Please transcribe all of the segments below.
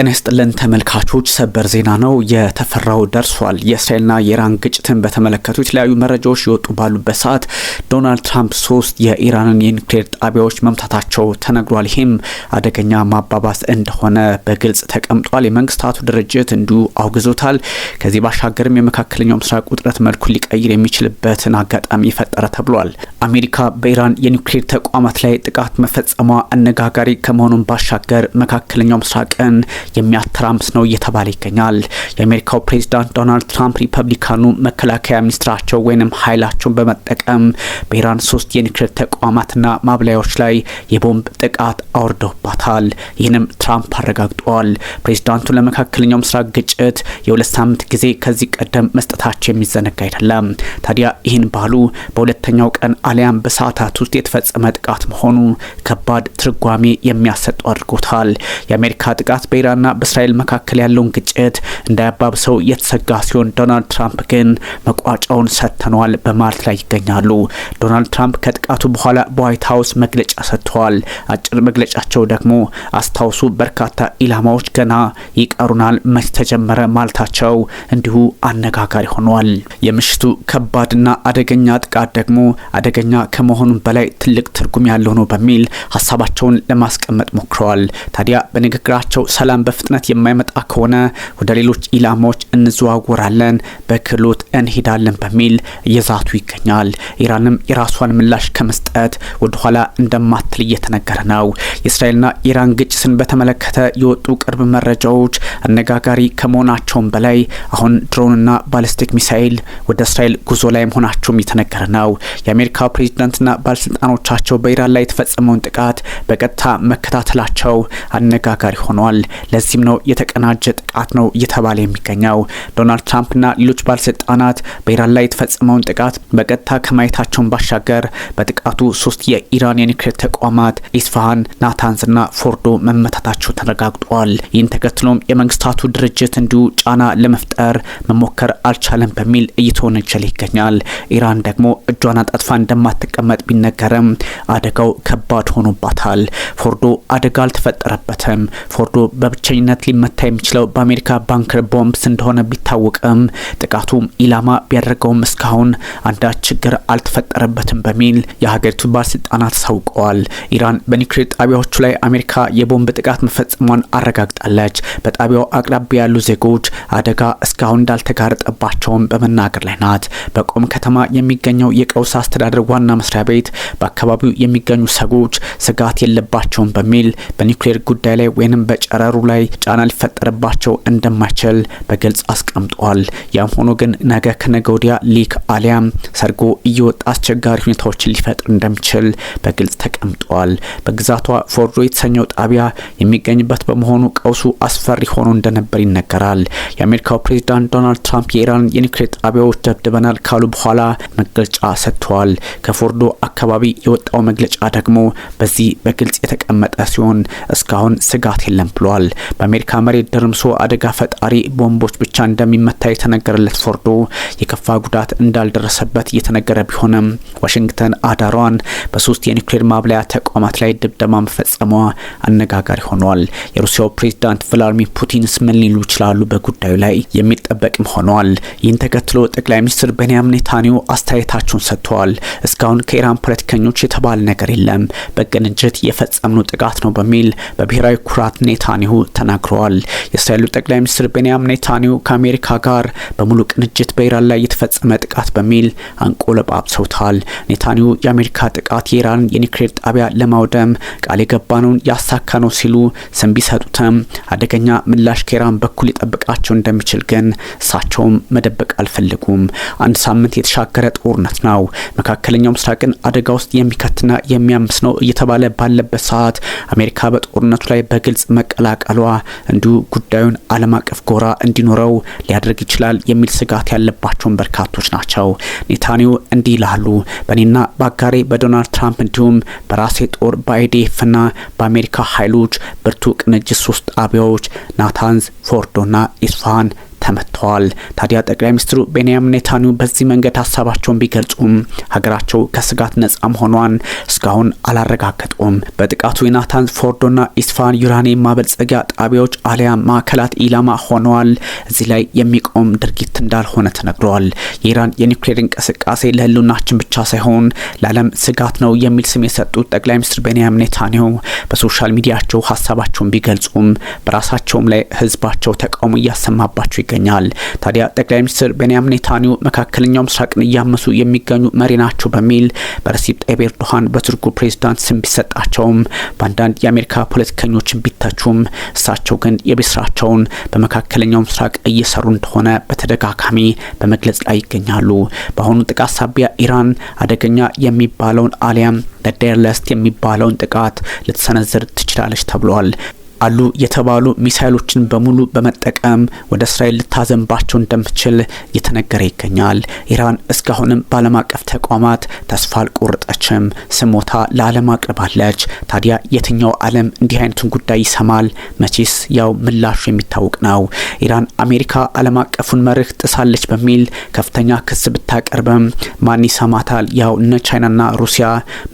ጤና ይስጥልን ተመልካቾች፣ ሰበር ዜና ነው። የተፈራው ደርሷል። የእስራኤልና የኢራን ግጭትን በተመለከቱ የተለያዩ መረጃዎች የወጡ ባሉበት ሰዓት ዶናልድ ትራምፕ ሶስት የኢራንን የኒውክሌር ጣቢያዎች መምታታቸው ተነግሯል። ይህም አደገኛ ማባባስ እንደሆነ በግልጽ ተቀምጧል። የመንግስታቱ ድርጅት እንዲሁ አውግዞታል። ከዚህ ባሻገርም የመካከለኛው ምስራቅ ውጥረት መልኩ ሊቀይር የሚችልበትን አጋጣሚ ፈጠረ ተብሏል። አሜሪካ በኢራን የኒውክሌር ተቋማት ላይ ጥቃት መፈጸሟ አነጋጋሪ ከመሆኑን ባሻገር መካከለኛው ምስራቅን የሚያተራምስ ነው እየተባለ ይገኛል። የአሜሪካው ፕሬዚዳንት ዶናልድ ትራምፕ ሪፐብሊካኑ መከላከያ ሚኒስትራቸው ወይንም ኃይላቸውን በመጠቀም በኢራን ሶስት የኒውክሌር ተቋማትና ማብላያዎች ላይ የቦምብ ጥቃት አውርደውባታል። ይህንም ትራምፕ አረጋግጠዋል። ፕሬዚዳንቱ ለመካከለኛው ምስራቅ ግጭት የሁለት ሳምንት ጊዜ ከዚህ ቀደም መስጠታቸው የሚዘነጋ አይደለም። ታዲያ ይህን ባሉ በሁለተኛው ቀን አሊያም በሰዓታት ውስጥ የተፈጸመ ጥቃት መሆኑ ከባድ ትርጓሜ የሚያሰጡ አድርጎታል። የአሜሪካ ጥቃት በኢራን በአሜሪካና በእስራኤል መካከል ያለውን ግጭት እንዳያባብሰው እየተሰጋ ሲሆን ዶናልድ ትራምፕ ግን መቋጫውን ሰጥተነዋል በማለት ላይ ይገኛሉ። ዶናልድ ትራምፕ ከጥቃቱ በኋላ በዋይት ሀውስ መግለጫ ሰጥተዋል። አጭር መግለጫቸው ደግሞ አስታውሱ በርካታ ኢላማዎች ገና ይቀሩናል፣ መች ተጀመረ ማለታቸው እንዲሁ አነጋጋሪ ሆኗል። የምሽቱ ከባድና አደገኛ ጥቃት ደግሞ አደገኛ ከመሆኑም በላይ ትልቅ ትርጉም ያለው ነው በሚል ሀሳባቸውን ለማስቀመጥ ሞክረዋል። ታዲያ በንግግራቸው ሰላም በፍጥነት የማይመጣ ከሆነ ወደ ሌሎች ኢላማዎች እንዘዋወራለን፣ በክህሎት እንሄዳለን በሚል እየዛቱ ይገኛል። ኢራንም የራሷን ምላሽ ከመስጠት ወደኋላ እንደማትል እየተነገረ ነው። የእስራኤልና ኢራን ግጭትን በተመለከተ የወጡ ቅርብ መረጃዎች አነጋጋሪ ከመሆናቸውም በላይ አሁን ድሮንና ባሊስቲክ ሚሳኤል ወደ እስራኤል ጉዞ ላይ መሆናቸውም የተነገረ ነው። የአሜሪካ ፕሬዚዳንትና ባለስልጣኖቻቸው በኢራን ላይ የተፈጸመውን ጥቃት በቀጥታ መከታተላቸው አነጋጋሪ ሆኗል። ለዚህም ነው የተቀናጀ ጥቃት ነው እየተባለ የሚገኘው። ዶናልድ ትራምፕና ሌሎች ባለስልጣናት በኢራን ላይ የተፈጸመውን ጥቃት በቀጥታ ከማየታቸውን ባሻገር በጥቃቱ ሶስት የኢራን የኒውክሌር ተቋማት ኢስፋሃን፣ ናታንዝና ፎርዶ መመታታቸው ተረጋግጧል። ይህን ተከትሎም የመንግስታቱ ድርጅት እንዲሁ ጫና ለመፍጠር መሞከር አልቻለም በሚል እየተወነጀለ ይገኛል። ኢራን ደግሞ እጇን አጣጥፋ እንደማትቀመጥ ቢነገርም አደጋው ከባድ ሆኖባታል። ፎርዶ አደጋ አልተፈጠረበትም። ፎርዶ በብቻ ብቸኝነት ሊመታ የሚችለው በአሜሪካ ባንከር ቦምብስ እንደሆነ ቢታወቅም ጥቃቱም ኢላማ ቢያደርገውም እስካሁን አንዳች ችግር አልተፈጠረበትም በሚል የሀገሪቱ ባለስልጣናት አሳውቀዋል። ኢራን በኒውክሌር ጣቢያዎቹ ላይ አሜሪካ የቦምብ ጥቃት መፈጸሟን አረጋግጣለች። በጣቢያው አቅራቢያ ያሉ ዜጎች አደጋ እስካሁን እንዳልተጋረጠባቸውም በመናገር ላይ ናት። በቆም ከተማ የሚገኘው የቀውስ አስተዳደር ዋና መስሪያ ቤት በአካባቢው የሚገኙ ሰዎች ስጋት የለባቸውም በሚል በኒውክሌር ጉዳይ ላይ ወይንም በጨረሩ ላይ ጫና ሊፈጠርባቸው እንደማይችል በግልጽ አስቀምጧል። ያም ሆኖ ግን ነገ ከነገ ወዲያ ሊክ አሊያም ሰርጎ እየወጣ አስቸጋሪ ሁኔታዎችን ሊፈጥር እንደሚችል በግልጽ ተቀምጧል። በግዛቷ ፎርዶ የተሰኘው ጣቢያ የሚገኝበት በመሆኑ ቀውሱ አስፈሪ ሆኖ እንደነበር ይነገራል። የአሜሪካው ፕሬዚዳንት ዶናልድ ትራምፕ የኢራን የኒውክሌር ጣቢያዎች ደብድበናል ካሉ በኋላ መግለጫ ሰጥተዋል። ከፎርዶ አካባቢ የወጣው መግለጫ ደግሞ በዚህ በግልጽ የተቀመጠ ሲሆን እስካሁን ስጋት የለም ብሏል። በአሜሪካ መሬት ደርምሶ አደጋ ፈጣሪ ቦምቦች ብቻ እንደሚመታ የተነገረለት ፎርዶ የከፋ ጉዳት እንዳልደረሰበት እየተነገረ ቢሆንም ዋሽንግተን አዳሯን በሶስት የኒውክሌር ማብለያ ተቋማት ላይ ድብደማ መፈጸሟ አነጋጋሪ ሆኗል። የሩሲያው ፕሬዚዳንት ቭላድሚር ፑቲንስ ምን ሊሉ ይችላሉ በጉዳዩ ላይ የሚጠበቅም ሆኗል። ይህን ተከትሎ ጠቅላይ ሚኒስትር ቤንያም ኔታንያሁ አስተያየታቸውን ሰጥተዋል። እስካሁን ከኢራን ፖለቲከኞች የተባለ ነገር የለም፣ በቅንጅት የፈጸምነው ጥቃት ነው በሚል በብሔራዊ ኩራት ኔታንያሁ ተናግረዋል። የእስራኤሉ ጠቅላይ ሚኒስትር ቤንያም ኔታንያሁ ከአሜሪካ ጋር በሙሉ ቅንጅት በኢራን ላይ የተፈጸመ ጥቃት በሚል አንቆለጳጵሰውታል። ኔታንያሁ የአሜሪካ ጥቃት የኢራን የኒውክሌር ጣቢያ ለማውደም ቃል የገባነውን ያሳካ ነው ሲሉ ስም ቢሰጡትም አደገኛ ምላሽ ከኢራን በኩል ሊጠብቃቸው እንደሚችል ግን እሳቸውም መደበቅ አልፈለጉም። አንድ ሳምንት የተሻገረ ጦርነት ነው። መካከለኛው ምስራቅን አደጋ ውስጥ የሚከትና የሚያምስ ነው እየተባለ ባለበት ሰዓት አሜሪካ በጦርነቱ ላይ በግልጽ መቀላቀል መጣሏ እንዲሁ ጉዳዩን ዓለም አቀፍ ጎራ እንዲኖረው ሊያደርግ ይችላል የሚል ስጋት ያለባቸውን በርካቶች ናቸው። ኔታኒው እንዲህ ይላሉ። በእኔና በአጋሬ በዶናልድ ትራምፕ እንዲሁም በራሴ ጦር በአይዲኤፍና በአሜሪካ ኃይሎች ብርቱ ቅንጅት ሶስት ጣቢያዎች ናታንዝ፣ ፎርዶና ኢስፋሃን ተመጥተዋል። ታዲያ ጠቅላይ ሚኒስትሩ ቤንያሚን ኔታንያሁ በዚህ መንገድ ሀሳባቸውን ቢገልጹም ሀገራቸው ከስጋት ነጻ መሆኗን እስካሁን አላረጋገጡም። በጥቃቱ የናታን ፎርዶና ኢስፋን ዩራኒየም ማበልጸጊያ ጣቢያዎች አሊያ ማዕከላት ኢላማ ሆነዋል። እዚህ ላይ የሚቆም ድርጊት እንዳልሆነ ተነግሯል። የኢራን የኒውክሌር እንቅስቃሴ ለህልውናችን ብቻ ሳይሆን ለዓለም ስጋት ነው የሚል ስም የሰጡት ጠቅላይ ሚኒስትር ቤንያም ኔታንያሁ በሶሻል ሚዲያቸው ሀሳባቸውን ቢገልጹም በራሳቸውም ላይ ህዝባቸው ተቃውሞ እያሰማባቸው ይገ ይገኛል። ታዲያ ጠቅላይ ሚኒስትር ቤንያም ኔታንያሁ መካከለኛው ምስራቅን እያመሱ የሚገኙ መሪ ናቸው በሚል በረሲብ ጣይብ ኤርዶሃን በቱርኩ ፕሬዝዳንት ስም ቢሰጣቸውም በአንዳንድ የአሜሪካ ፖለቲከኞችን ቢተቹም እሳቸው ግን የቤት ስራቸውን በመካከለኛው ምስራቅ እየሰሩ እንደሆነ በተደጋጋሚ በመግለጽ ላይ ይገኛሉ። በአሁኑ ጥቃት ሳቢያ ኢራን አደገኛ የሚባለውን አሊያም ለደርለስት የሚባለውን ጥቃት ልትሰነዝር ትችላለች ተብሏል። አሉ የተባሉ ሚሳይሎችን በሙሉ በመጠቀም ወደ እስራኤል ልታዘንባቸው እንደምትችል እየተነገረ ይገኛል። ኢራን እስካሁንም በዓለም አቀፍ ተቋማት ተስፋ አልቆረጠችም፣ ስሞታ ለዓለም አቅርባለች። ታዲያ የትኛው ዓለም እንዲህ አይነቱን ጉዳይ ይሰማል? መቼስ ያው ምላሹ የሚታወቅ ነው። ኢራን አሜሪካ ዓለም አቀፉን መርህ ጥሳለች በሚል ከፍተኛ ክስ ብታቀርብም ማን ይሰማታል? ያው እነ ቻይናና ሩሲያ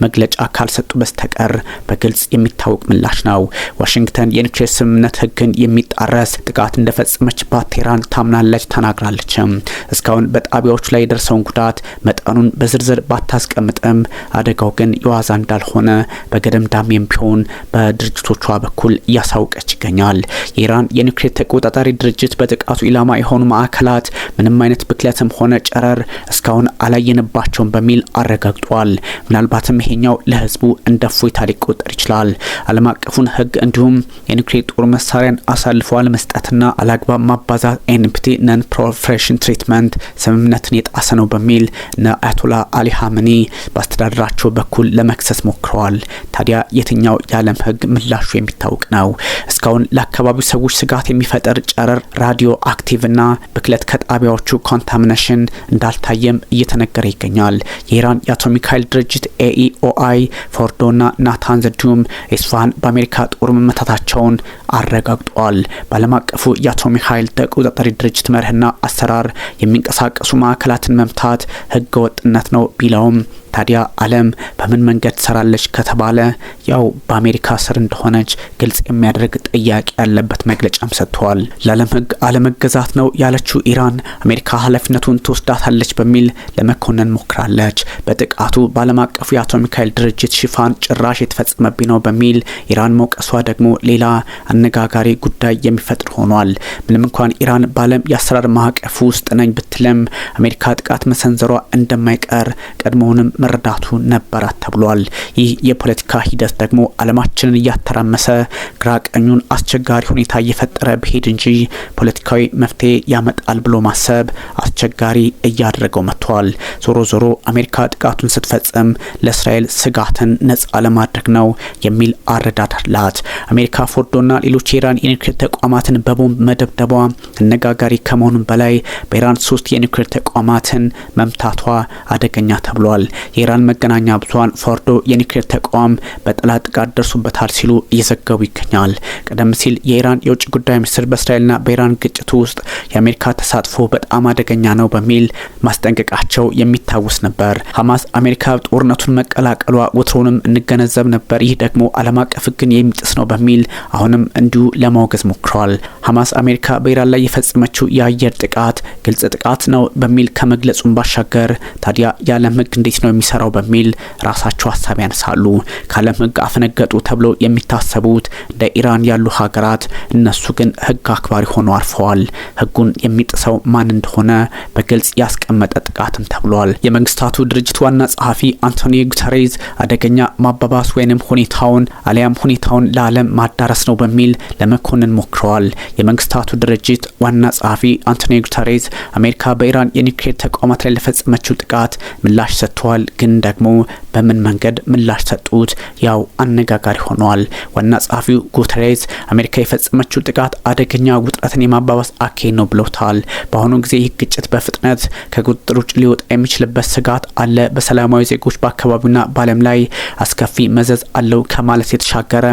መግለጫ ካልሰጡ በስተቀር በግልጽ የሚታወቅ ምላሽ ነው። ዋሽንግተን የኒውክሌር ስምምነት ህግን የሚጣረስ ጥቃት እንደፈጸመችባት ቴህራን ታምናለች ተናግራለችም። እስካሁን በጣቢያዎች ላይ የደርሰውን ጉዳት መጠኑን በዝርዝር ባታስቀምጥም አደጋው ግን የዋዛ እንዳልሆነ በገደምዳሜም ቢሆን በድርጅቶቿ በኩል እያሳወቀች ይገኛል። የኢራን የኒክሌር ተቆጣጣሪ ድርጅት በጥቃቱ ኢላማ የሆኑ ማዕከላት ምንም አይነት ብክለትም ሆነ ጨረር እስካሁን አላየንባቸውም በሚል አረጋግጧል። ምናልባትም ይሄኛው ለህዝቡ እንደ እፎይታ ሊቆጠር ይችላል። ዓለም አቀፉን ህግ እንዲሁም የኒውክሌር ጦር መሳሪያን አሳልፎ አለመስጠትና አላግባብ ማባዛት ኤንፒቲ ነን ፕሮፌሽን ትሪትመንት ስምምነትን የጣሰ ነው በሚል እነ አያቶላ አሊ ሀመኒ በአስተዳደራቸው በኩል ለመክሰስ ሞክረዋል። ታዲያ የትኛው የዓለም ህግ ምላሹ የሚታወቅ ነው። እስካሁን ለአካባቢው ሰዎች ስጋት የሚፈጥር ጨረር፣ ራዲዮ አክቲቭና ብክለት ከጣቢያዎቹ ኮንታሚኔሽን እንዳልታየም እየተነገረ ይገኛል። የኢራን የአቶሚክ ኃይል ድርጅት ኤኢኦአይ ፎርዶና ናታንዝ እንዲሁም ኢስፋሃን በአሜሪካ ጦር መመታታቸው መሆናቸውን አረጋግጧል። በዓለም አቀፉ የአቶሚክ ኃይል ተቆጣጣሪ ድርጅት መርህና አሰራር የሚንቀሳቀሱ ማዕከላትን መምታት ህገወጥነት ነው ቢለውም ታዲያ ዓለም በምን መንገድ ትሰራለች ከተባለ ያው በአሜሪካ ስር እንደሆነች ግልጽ የሚያደርግ ጥያቄ ያለበት መግለጫም ሰጥተዋል። ለዓለም ህግ አለመገዛት ነው ያለችው ኢራን አሜሪካ ኃላፊነቱን ትወስዳታለች በሚል ለመኮነን ሞክራለች። በጥቃቱ በዓለም አቀፉ የአቶሚክ ኃይል ድርጅት ሽፋን ጭራሽ የተፈጸመብኝ ነው በሚል ኢራን መውቀሷ ደግሞ ሌላ አነጋጋሪ ጉዳይ የሚፈጥር ሆኗል። ምንም እንኳን ኢራን በዓለም የአሰራር ማዕቀፍ ውስጥ ነኝ ብትልም አሜሪካ ጥቃት መሰንዘሯ እንደማይቀር ቀድሞውንም መረዳቱ ነበረ ተብሏል። ይህ የፖለቲካ ሂደት ደግሞ አለማችንን እያተራመሰ ግራቀኙን አስቸጋሪ ሁኔታ እየፈጠረ ብሄድ እንጂ ፖለቲካዊ መፍትሄ ያመጣል ብሎ ማሰብ አስቸጋሪ እያደረገው መጥቷል። ዞሮ ዞሮ አሜሪካ ጥቃቱን ስትፈጽም ለእስራኤል ስጋትን ነጻ ለማድረግ ነው የሚል አረዳድ አላት። አሜሪካ ፎርዶና ሌሎች የኢራን የኒውክሌር ተቋማትን በቦምብ መደብደቧ አነጋጋሪ ከመሆኑም በላይ በኢራን ሶስት የኒውክሌር ተቋማትን መምታቷ አደገኛ ተብሏል። የኢራን መገናኛ ብዙሃን ፎርዶ የኒክሌር ተቋም በጠላት ጥቃት ደርሱበታል ሲሉ እየዘገቡ ይገኛል። ቀደም ሲል የኢራን የውጭ ጉዳይ ሚኒስትር በእስራኤልና በኢራን ግጭቱ ውስጥ የአሜሪካ ተሳትፎ በጣም አደገኛ ነው በሚል ማስጠንቀቃቸው የሚታወስ ነበር። ሀማስ አሜሪካ ጦርነቱን መቀላቀሏ ወትሮንም እንገነዘብ ነበር፣ ይህ ደግሞ ዓለም አቀፍ ሕግን የሚጥስ ነው በሚል አሁንም እንዲሁ ለማውገዝ ሞክረዋል። ሀማስ አሜሪካ በኢራን ላይ የፈጸመችው የአየር ጥቃት ግልጽ ጥቃት ነው በሚል ከመግለጹም ባሻገር ታዲያ የዓለም ሕግ እንዴት ነው የሚሰራው በሚል ራሳቸው ሀሳብ ያነሳሉ። ከዓለም ህግ አፈነገጡ ተብለው የሚታሰቡት እንደ ኢራን ያሉ ሀገራት እነሱ ግን ህግ አክባሪ ሆነው አርፈዋል። ህጉን የሚጥሰው ማን እንደሆነ በግልጽ ያስቀመጠ ጥቃትም ተብሏል። የመንግስታቱ ድርጅት ዋና ጸሐፊ አንቶኒ ጉተሬዝ አደገኛ ማባባስ ወይንም ሁኔታውን አሊያም ሁኔታውን ለዓለም ማዳረስ ነው በሚል ለመኮንን ሞክረዋል። የመንግስታቱ ድርጅት ዋና ጸሐፊ አንቶኒ ጉተሬዝ አሜሪካ በኢራን የኒውክሌር ተቋማት ላይ ለፈጸመችው ጥቃት ምላሽ ሰጥተዋል። ግን ደግሞ በምን መንገድ ምላሽ ሰጡት? ያው አነጋጋሪ ሆኗል። ዋና ጸሐፊው ጉተሬዝ አሜሪካ የፈጸመችው ጥቃት አደገኛ ውጥረትን የማባባስ አካሄድ ነው ብለውታል። በአሁኑ ጊዜ ይህ ግጭት በፍጥነት ከቁጥጥር ውጭ ሊወጣ የሚችልበት ስጋት አለ፣ በሰላማዊ ዜጎች በአካባቢውና በዓለም ላይ አስከፊ መዘዝ አለው ከማለት የተሻገረ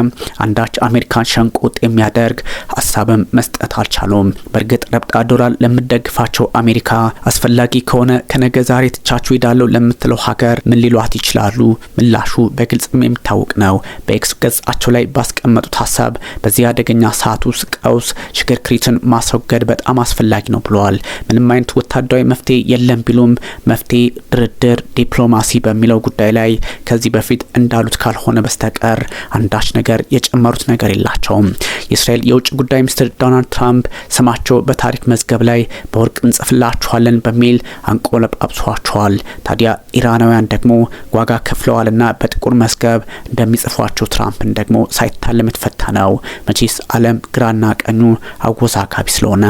አንዳች አሜሪካን ሸንቆጥ የሚያደርግ ሀሳብም መስጠት አልቻሉም። በእርግጥ ረብጣ ዶላር ለምደግፋቸው አሜሪካ አስፈላጊ ከሆነ ከነገ ዛሬ ትቻችሁ ሄዳለሁ ለምትለው ሀገር ነገር ምን ሊሏት ይችላሉ? ምላሹ በግልጽ የሚታወቅ ነው። በኤክስ ገጻቸው ላይ ባስቀመጡት ሀሳብ በዚህ አደገኛ ሰዓት ውስጥ ቀውስ ሽክርክሪትን ማስወገድ በጣም አስፈላጊ ነው ብለዋል። ምንም አይነት ወታደራዊ መፍትሄ የለም ቢሉም መፍትሄ ድርድር፣ ዲፕሎማሲ በሚለው ጉዳይ ላይ ከዚህ በፊት እንዳሉት ካልሆነ በስተቀር አንዳች ነገር የጨመሩት ነገር የላቸውም። የእስራኤል የውጭ ጉዳይ ሚኒስትር ዶናልድ ትራምፕ ስማቸው በታሪክ መዝገብ ላይ በወርቅ እንጽፍላችኋለን በሚል አንቆለጳብሷቸዋል። ታዲያ ኢራናዊ ቻይናውያን ደግሞ ዋጋ ከፍለዋልና በጥቁር መዝገብ እንደሚጽፏቸው ትራምፕን ደግሞ ሳይታለም የተፈታ ነው። መቼስ ዓለም ግራና ቀኙ አወዛጋቢ ስለሆነ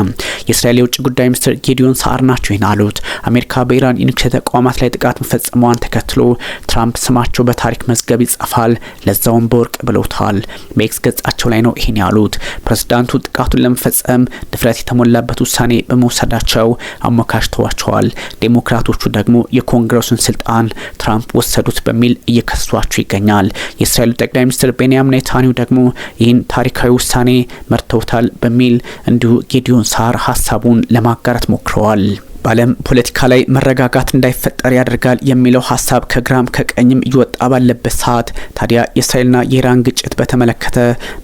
የእስራኤል የውጭ ጉዳይ ሚኒስትር ጌዲዮን ሳአር ናቸው ይህን አሉት። አሜሪካ በኢራን የኒውክሌር ተቋማት ላይ ጥቃት መፈጸመዋን ተከትሎ ትራምፕ ስማቸው በታሪክ መዝገብ ይጻፋል፣ ለዛውም በወርቅ ብለውታል። በኤክስ ገጻቸው ላይ ነው ይህን ያሉት። ፕሬዝዳንቱ ጥቃቱን ለመፈጸም ድፍረት የተሞላበት ውሳኔ በመውሰዳቸው አሞካሽተዋቸዋል። ዴሞክራቶቹ ደግሞ የኮንግረሱን ስልጣን ትራምፕ ወሰዱት በሚል እየከሷቸው ይገኛል። የእስራኤሉ ጠቅላይ ሚኒስትር ቤንያም ኔታንያሁ ደግሞ ይህን ታሪካዊ ውሳኔ መርተውታል በሚል እንዲሁ ጌዲዮን ሳር ሀሳቡን ለማጋራት ሞክረዋል። በዓለም ፖለቲካ ላይ መረጋጋት እንዳይፈጠር ያደርጋል የሚለው ሀሳብ ከግራም ከቀኝም እየወጣ ባለበት ሰዓት ታዲያ የእስራኤልና የኢራን ግጭት በተመለከተ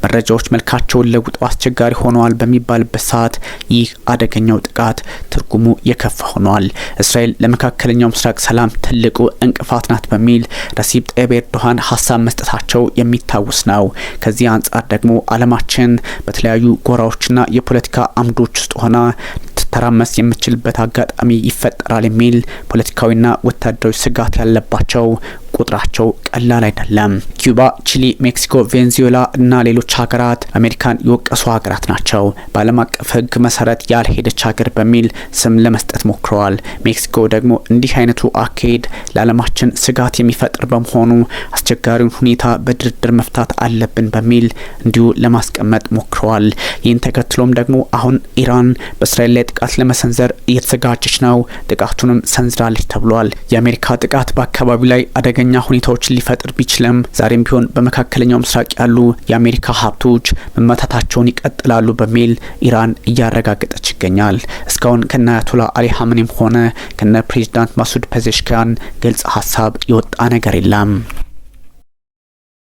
መረጃዎች መልካቸውን ለውጠው አስቸጋሪ ሆነዋል በሚባልበት ሰዓት ይህ አደገኛው ጥቃት ትርጉሙ የከፋ ሆኗል። እስራኤል ለመካከለኛው ምስራቅ ሰላም ትልቁ እንቅፋት ናት በሚል ረሲብ ጣይብ ኤርዶሃን ሀሳብ መስጠታቸው የሚታወስ ነው። ከዚህ አንጻር ደግሞ አለማችን በተለያዩ ጎራዎችና የፖለቲካ አምዶች ውስጥ ሆና ልትተራመስ የምትችልበት አጋጣሚ ይፈጠራል የሚል ፖለቲካዊና ወታደራዊ ስጋት ያለባቸው ቁጥራቸው ቀላል አይደለም። ኪዩባ፣ ቺሊ፣ ሜክሲኮ፣ ቬንዙዌላ እና ሌሎች ሀገራት አሜሪካን የወቀሱ ሀገራት ናቸው። በዓለም አቀፍ ሕግ መሰረት ያልሄደች ሀገር በሚል ስም ለመስጠት ሞክረዋል። ሜክሲኮ ደግሞ እንዲህ አይነቱ አካሄድ ለዓለማችን ስጋት የሚፈጥር በመሆኑ አስቸጋሪውን ሁኔታ በድርድር መፍታት አለብን በሚል እንዲሁ ለማስቀመጥ ሞክረዋል። ይህን ተከትሎም ደግሞ አሁን ኢራን በእስራኤል ላይ ጥቃት ለመሰንዘር እየተዘጋጀች ነው፣ ጥቃቱንም ሰንዝራለች ተብሏል። የአሜሪካ ጥቃት በአካባቢው ላይ አደገኛ ሁኔታዎችን ሊፈጥር ቢችልም ዛሬ ዛሬም ቢሆን በመካከለኛው ምስራቅ ያሉ የአሜሪካ ሀብቶች መመታታቸውን ይቀጥላሉ በሚል ኢራን እያረጋገጠች ይገኛል። እስካሁን ከነ አያቶላ አሊ ሀምኔም ሆነ ከነ ፕሬዚዳንት ማሱድ ፔዜሽኪያን ግልጽ ሀሳብ የወጣ ነገር የለም።